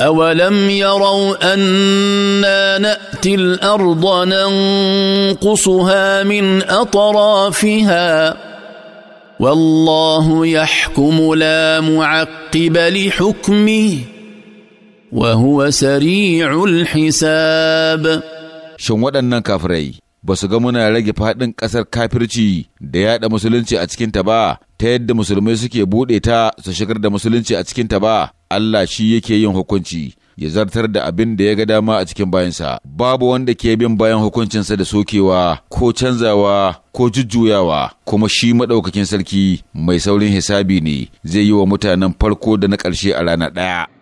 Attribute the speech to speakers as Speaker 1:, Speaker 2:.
Speaker 1: أولم يروا أنا نأتي الأرض ننقصها من أطرافها والله يحكم لا معقب لحكمه
Speaker 2: وهو سريع الحساب shin waɗannan kafirai ba su ga muna rage faɗin ƙasar kafirci da yaɗa musulunci a cikinta ba ta yadda musulmai suke buɗe ta su shigar da musulunci a cikinta ba, Allah shi yake yin hukunci, ya zartar da abin da ya ga dama a cikin bayansa, babu wanda ke bin bayan hukuncinsa da sokewa ko canzawa ko jujjuyawa, kuma shi maɗaukakin sarki mai saurin hisabi ne zai yi wa mutanen farko da na ƙarshe a rana ɗaya.